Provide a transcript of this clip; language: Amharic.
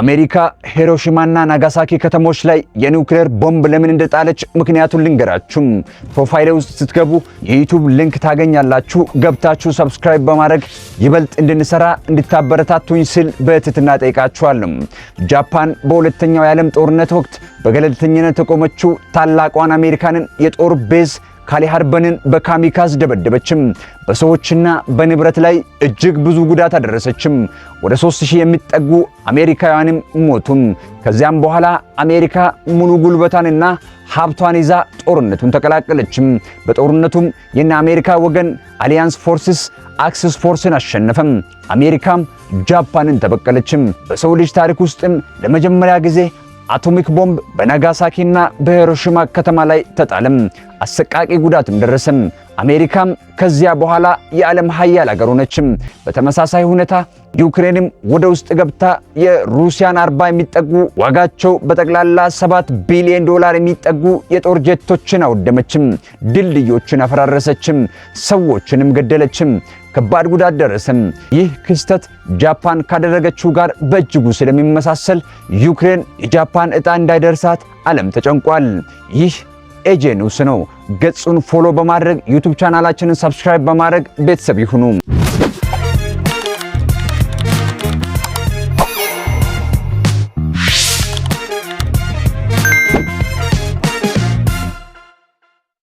አሜሪካ ሄሮሽማና ናጋሳኪ ከተሞች ላይ የኒውክሌር ቦምብ ለምን እንደጣለች ምክንያቱን ልንገራችሁም። ፕሮፋይል ውስጥ ስትገቡ የዩቱብ ሊንክ ታገኛላችሁ። ገብታችሁ ሰብስክራይብ በማድረግ ይበልጥ እንድንሰራ እንድታበረታቱኝ ስል በትህትና ጠይቃችኋለሁ። ጃፓን በሁለተኛው የዓለም ጦርነት ወቅት በገለልተኝነት የቆመችው ታላቋን አሜሪካንን የጦር ቤዝ ካሊ ሀርበንን በካሚካዝ ደበደበችም። በሰዎችና በንብረት ላይ እጅግ ብዙ ጉዳት አደረሰችም። ወደ 3000 የሚጠጉ አሜሪካውያንም ሞቱም። ከዚያም በኋላ አሜሪካ ሙሉ ጉልበቷንና ሀብቷን ይዛ ጦርነቱን ተቀላቀለችም። በጦርነቱም የነ አሜሪካ ወገን አሊያንስ ፎርስስ አክሲስ ፎርስን አሸነፈም። አሜሪካም ጃፓንን ተበቀለችም። በሰው ልጅ ታሪክ ውስጥም ለመጀመሪያ ጊዜ አቶሚክ ቦምብ በናጋሳኪና በሄሮሽማ ከተማ ላይ ተጣለም። አሰቃቂ ጉዳትም ደረሰም። አሜሪካም ከዚያ በኋላ የዓለም ሀያል አገር ሆነችም። በተመሳሳይ ሁኔታ ዩክሬንም ወደ ውስጥ ገብታ የሩሲያን አርባ የሚጠጉ ዋጋቸው በጠቅላላ 7 ቢሊዮን ዶላር የሚጠጉ የጦር ጀቶችን አወደመችም። ድልድዮችን አፈራረሰችም። ሰዎችንም ገደለችም። ከባድ ጉዳት ደረሰም። ይህ ክስተት ጃፓን ካደረገችው ጋር በእጅጉ ስለሚመሳሰል ዩክሬን የጃፓን ዕጣ እንዳይደርሳት ዓለም ተጨንቋል። ይህ ኤጄ ኒውስ ነው። ገጹን ፎሎ በማድረግ ዩቱብ ቻናላችንን ሰብስክራይብ በማድረግ ቤተሰብ ይሁኑም።